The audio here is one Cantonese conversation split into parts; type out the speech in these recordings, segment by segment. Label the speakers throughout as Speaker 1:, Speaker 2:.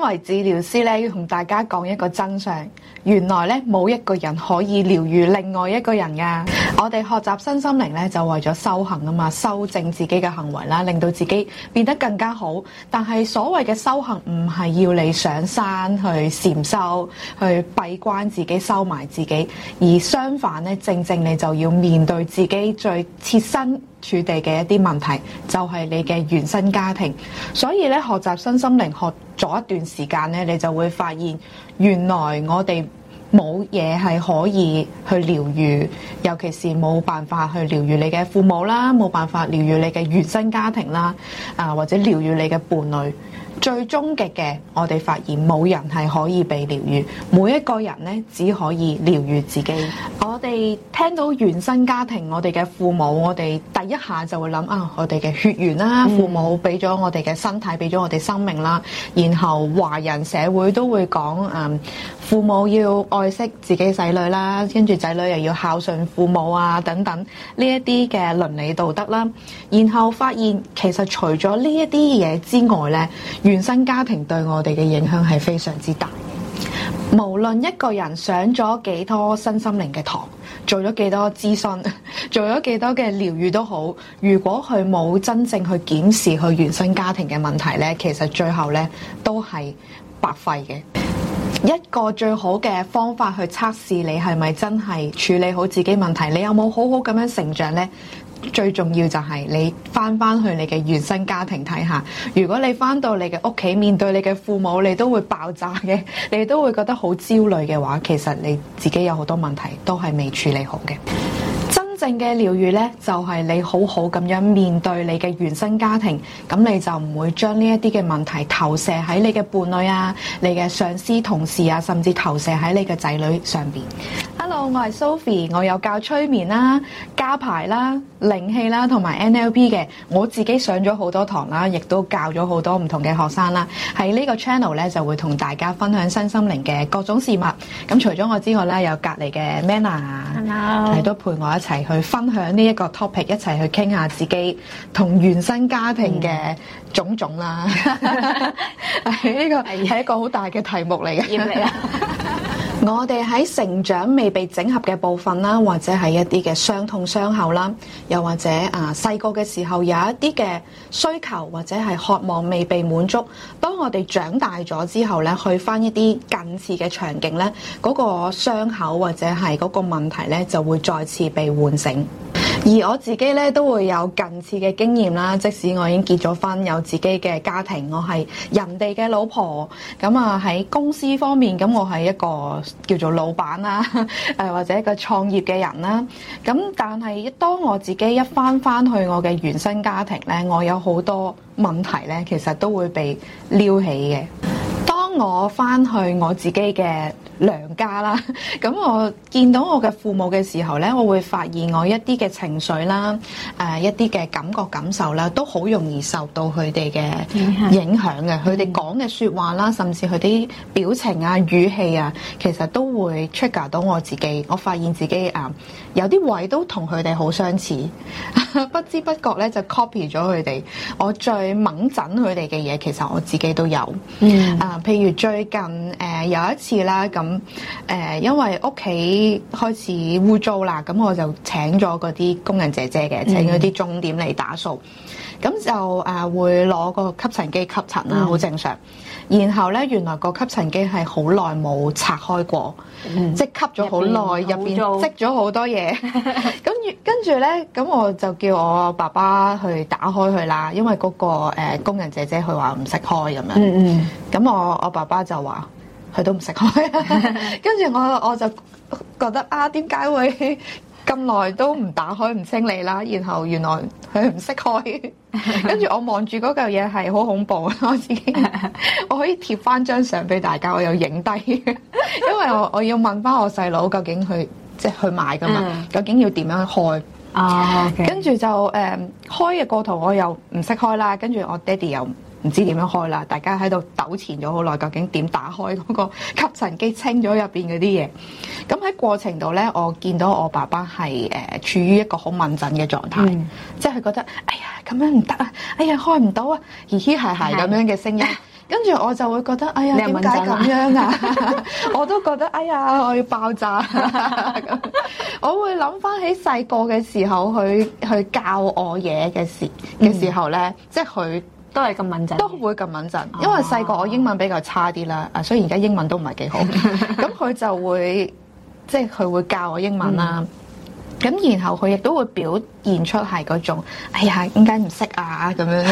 Speaker 1: 作為治療師咧，要同大家講一個真相，原來咧冇一個人可以療愈另外一個人噶。我哋學習身心靈咧，就為咗修行啊嘛，修正自己嘅行為啦，令到自己變得更加好。但係所謂嘅修行，唔係要你上山去禪修，去閉關自己收埋自己，而相反咧，正正你就要面對自己最切身。處地嘅一啲問題，就係你嘅原生家庭。所以咧，學習身心靈學咗一段時間咧，你就會發現，原來我哋冇嘢係可以去療愈，尤其是冇辦法去療愈你嘅父母啦，冇辦法療愈你嘅原生家庭啦，啊，或者療愈你嘅伴侶。最終極嘅，我哋發現冇人係可以被療愈，每一個人咧，只可以療愈自己。 我哋聽到原生家庭，我哋嘅父母，我哋第一下就會諗啊，我哋嘅血緣啦， 父母俾咗我哋嘅身體，俾咗我哋生命啦。然後華人社會都會講啊。嗯父母要愛惜自己仔女啦，跟住仔女又要孝順父母啊，等等呢一啲嘅倫理道德啦。然後發現其實除咗呢一啲嘢之外咧，原生家庭對我哋嘅影響係非常之大。無論一個人上咗幾多身心靈嘅堂，做咗幾多諮詢，做咗幾多嘅療愈都好，如果佢冇真正去檢視佢原生家庭嘅問題咧，其實最後咧都係白費嘅。一個最好嘅方法去測試你係咪真係處理好自己問題，你有冇好好咁樣成長呢？最重要就係你返返去你嘅原生家庭睇下，如果你返到你嘅屋企面對你嘅父母，你都會爆炸嘅，你都會覺得好焦慮嘅話，其實你自己有好多問題都係未處理好嘅。正嘅療愈呢，就係、是、你好好咁樣面對你嘅原生家庭，咁你就唔會將呢一啲嘅問題投射喺你嘅伴侶啊、你嘅上司同事啊，甚至投射喺你嘅仔女上邊。Hello，我係 Sophy，我有教催眠啦、啊、家排啦、啊、靈氣啦、啊，同埋 NLP 嘅，我自己上咗好多堂啦，亦都教咗好多唔同嘅學生啦。喺呢個 channel 呢，就會同大家分享身心靈嘅各種事物。咁除咗我之外呢，有隔籬嘅 Mena，係都陪我一齊。去分享呢一個 topic，一齊去傾下自己同原生家庭嘅種種啦。呢個係一個好大嘅題目嚟嘅。 我哋喺成長未被整合嘅部分啦，或者係一啲嘅傷痛傷口啦，又或者啊細個嘅時候有一啲嘅需求或者係渴望未被滿足，當我哋長大咗之後咧，去返一啲近似嘅場景咧，嗰個傷口或者係嗰個問題咧，就會再次被喚醒。而我自己咧都會有近似嘅經驗啦，即使我已經結咗婚，有自己嘅家庭，我係人哋嘅老婆，咁啊喺公司方面，咁我係一個叫做老闆啦，誒或者一個創業嘅人啦。咁但係當我自己一翻翻去我嘅原生家庭呢，我有好多問題呢，其實都會被撩起嘅。當我翻去我自己嘅娘家啦，咁我見到我嘅父母嘅時候咧，我會發現我一啲嘅情緒啦，誒、呃、一啲嘅感覺感受啦，都好容易受到佢哋嘅影響嘅。佢哋講嘅說話啦，甚至佢啲表情啊、語氣啊，其實都會 trigger 到我自己。我發現自己啊、呃，有啲位都同佢哋好相似， 不知不覺咧就 copy 咗佢哋。我最猛診佢哋嘅嘢，其實我自己都有。啊、嗯呃，譬如最近誒、呃、有一次啦，咁、嗯。咁誒、嗯，因為屋企開始污糟啦，咁我就請咗嗰啲工人姐姐嘅，嗯、請咗啲鐘點嚟打掃。咁就誒、啊、會攞個吸塵機吸塵啦，好、嗯、正常。然後咧，原來個吸塵機係好耐冇拆開過，嗯、即係吸咗好耐，入邊積咗好多嘢。咁 跟住咧，咁我就叫我爸爸去打開佢啦，因為、嗰個誒、呃、工人姐姐佢話唔識開咁樣。咁我我爸爸就話。佢都唔識開， 跟住我我就覺得啊，點解會咁耐都唔打開唔清理啦？然後原來佢唔識開，跟住我望住嗰嚿嘢係好恐怖。我自己 我可以貼翻張相俾大家，我又影低，因為我我要問翻我細佬究竟去即係去買㗎嘛？究竟要點樣開？啊、oh, okay. 呃，跟住就誒開嘅過程我又唔識開啦。跟住我爹哋又。唔知點樣開啦，大家喺度糾纏咗好耐，究竟點打開嗰個吸塵機清咗入邊嗰啲嘢？咁喺過程度呢，我見到我爸爸係誒、呃、處於一個好悶陣嘅狀態，嗯、即係佢覺得哎呀咁樣唔得啊，哎呀開唔到啊，嘻嘻係係咁樣嘅聲音，的跟住我就會覺得哎呀點解咁樣啊？ 我都覺得哎呀我要爆炸 我會諗翻起細個嘅時候，佢佢教我嘢嘅時嘅時候呢，嗯、即係佢。都係咁敏震，都會咁敏震，因為細個我英文比較差啲啦，啊、所以而家英文都唔係幾好。咁佢 就會，即係佢會教我英文啦。咁、嗯、然後佢亦都會表現出係嗰種，哎呀，點解唔識啊？咁樣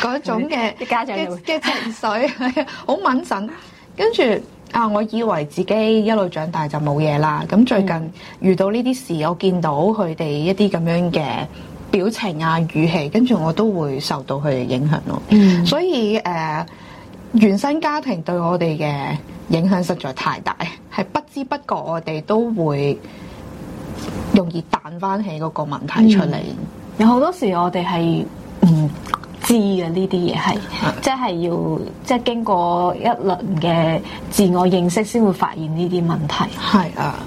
Speaker 1: 嗰 種嘅的 家長嘅情緒，好 敏震。跟住啊，我以為自己一路長大就冇嘢啦。咁、嗯、最近遇到呢啲事，我見到佢哋一啲咁樣嘅。表情啊、語氣，跟住我都會受到佢嘅影響咯。嗯、所以誒、呃，原生家庭對我哋嘅影響實在太大，係不知不覺我哋都會容易彈翻起嗰個問題出嚟、嗯。有好多時我哋係唔知嘅呢啲嘢，係即係要即係、就是、經過一輪嘅自我認識，先會發現呢啲問題。係啊。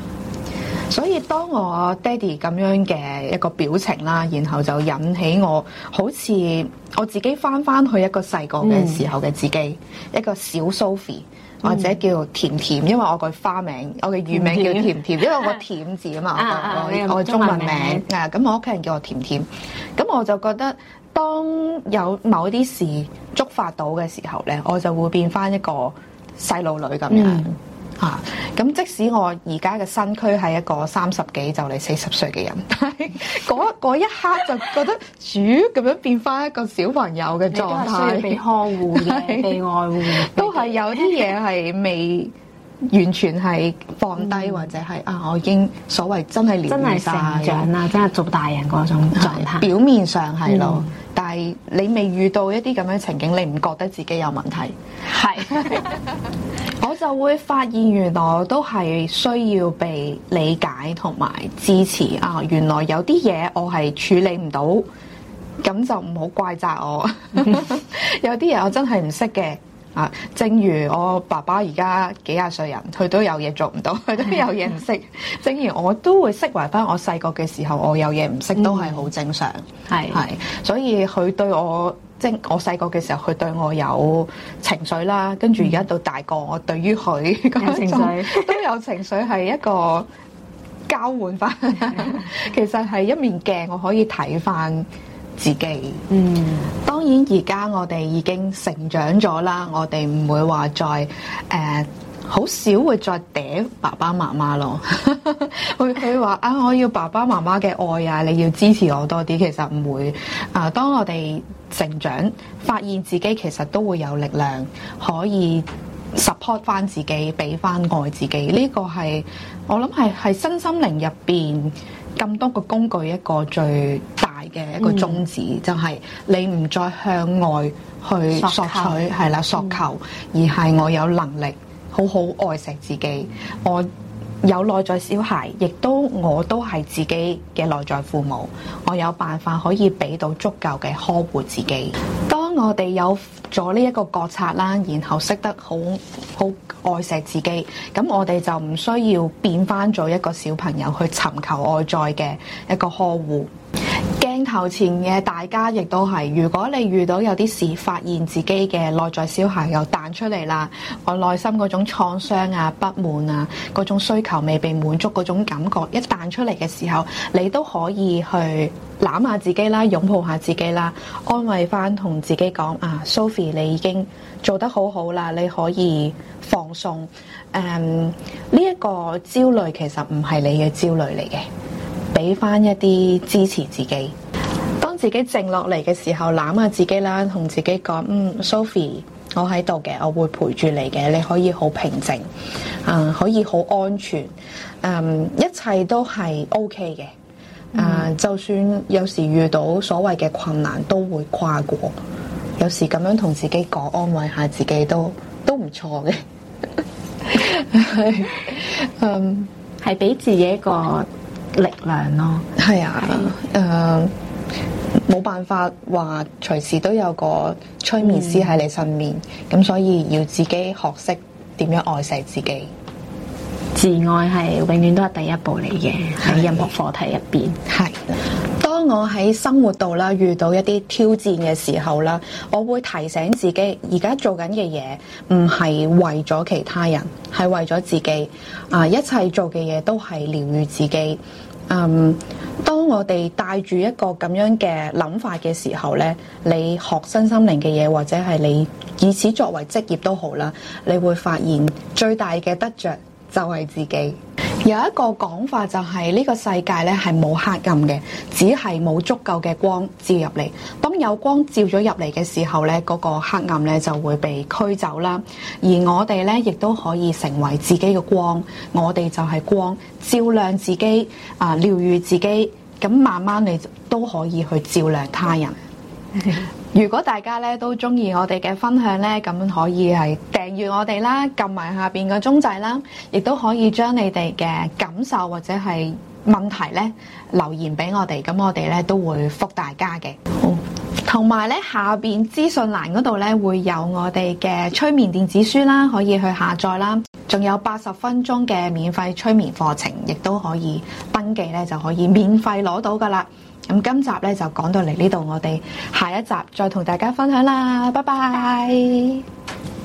Speaker 1: 所以當我爹哋咁樣嘅一個表情啦，然後就引起我好似我自己翻翻去一個細個嘅時候嘅自己，嗯、一個小 Sophy、嗯、或者叫甜甜，因為我個花名，我嘅乳名叫甜甜，嗯、因為我個甜字啊嘛，啊我嘅中文名咁、啊、我屋企人叫我甜甜，咁我就覺得當有某啲事觸發到嘅時候呢，我就會變翻一個細路女咁樣。嗯。啊！咁即使我而家嘅身軀係一個三十幾就嚟四十歲嘅人，但係嗰一刻就覺得主咁 樣變翻一個小朋友嘅狀態，被看護嘅、對被愛護，都係有啲嘢係未完全係放低， 嗯、或者係啊，我已經所謂真係療癒、真係成長啦，真係做大人嗰種狀態。啊、表面上係咯，嗯、但係你未遇到一啲咁樣情景，你唔覺得自己有問題？係。 我就會發現，原來我都係需要被理解同埋支持啊！原來有啲嘢我係處理唔到，咁就唔好怪責我。 有啲嘢我真係唔識嘅啊！正如我爸爸而家幾廿歲人，佢都有嘢做唔到，佢都有嘢唔識。 正如我都會釋懷翻，我細個嘅時候我有嘢唔識，都係好正常。係係、嗯，所以佢對我，即我細個嘅時候，佢對我有情緒啦，跟住，而家到大個，我對於佢嘅情緒， 都有情緒，係一個交換翻， 其實係一面鏡，我可以睇翻自己。嗯，當然而家我哋已經成長咗啦，我哋唔會話再誒，好少會再嗲爸爸媽媽咯。 佢佢話啊，我要爸爸媽媽嘅愛啊，你要支持我多啲。其實唔會啊，當我哋成長，發現自己其實都會有力量，可以 support 翻自己，俾翻愛自己。呢、這個係我諗係係身心靈入邊咁多個工具一個最大嘅一個宗旨，嗯、就係你唔再向外去索取，係啦、嗯，索求，嗯、而係我有能力好好愛惜自己。我，有內在小孩，亦都我都係自己嘅內在父母，我有辦法可以俾到足夠嘅呵護自己。當我哋有咗呢一個覺察啦，然後識得好好愛錫自己，咁我哋就唔需要變翻做一個小朋友去尋求外在嘅一個呵護。頭前嘅大家亦都係，如果你遇到有啲事，發現自己嘅內在小孩又彈出嚟啦，我內心嗰種創傷啊、不滿啊、嗰種需求未被滿足嗰種感覺一彈出嚟嘅時候，你都可以去攬下自己啦，擁抱下自己啦，安慰翻同自己講啊，Sophie，你已經做得好好啦，你可以放鬆。誒、嗯、呢、這、一個焦慮其實唔係你嘅焦慮嚟嘅，俾翻一啲支持自己。自己靜落嚟嘅時候，攬下自己啦，同自己講：嗯，Sophy，我喺度嘅，我會陪住你嘅，你可以好平靜，啊、呃，可以好安全，嗯，一切都係 O K 嘅，啊、呃、嗯、就算有時遇到所謂嘅困難，都會跨過。有時咁樣同自己講，安慰下自己都都唔錯嘅。係， 嗯，係俾自己一個力量咯。係啊，誒是。嗯冇辦法話隨時都有個催眠師喺你身邊，咁、嗯、所以要自己學識點樣愛惜自己，自愛係永遠都係第一步嚟嘅。喺任何課題入邊，係當我喺生活度啦遇到一啲挑戰嘅時候啦，我會提醒自己而家做緊嘅嘢唔係為咗其他人，係為咗自己啊！一切做嘅嘢都係療愈自己，嗯。我哋帶住一個咁樣嘅諗法嘅時候呢，你學身心靈嘅嘢，或者係你以此作為職業都好啦，你會發現最大嘅得着就係自己。有一個講法就係呢個世界呢係冇黑暗嘅，只係冇足夠嘅光照入嚟。當有光照咗入嚟嘅時候呢，嗰個黑暗呢就會被驅走啦。而我哋呢，亦都可以成為自己嘅光，我哋就係光，照亮自己啊，療癒自己。咁慢慢你都可以去照亮他人。 如果大家咧都中意我哋嘅分享呢，咁可以係訂閱我哋啦，撳埋下邊個鐘仔啦，亦都可以將你哋嘅感受或者係問題呢留言俾我哋，咁我哋呢都會覆大家嘅。同埋呢下邊資訊欄嗰度呢，會有我哋嘅催眠電子書啦，可以去下載啦。仲有八十分鐘嘅免費催眠課程，亦都可以登記咧，就可以免費攞到㗎喇。咁今集咧就講到嚟呢度，我哋下一集再同大家分享啦。拜拜。拜拜。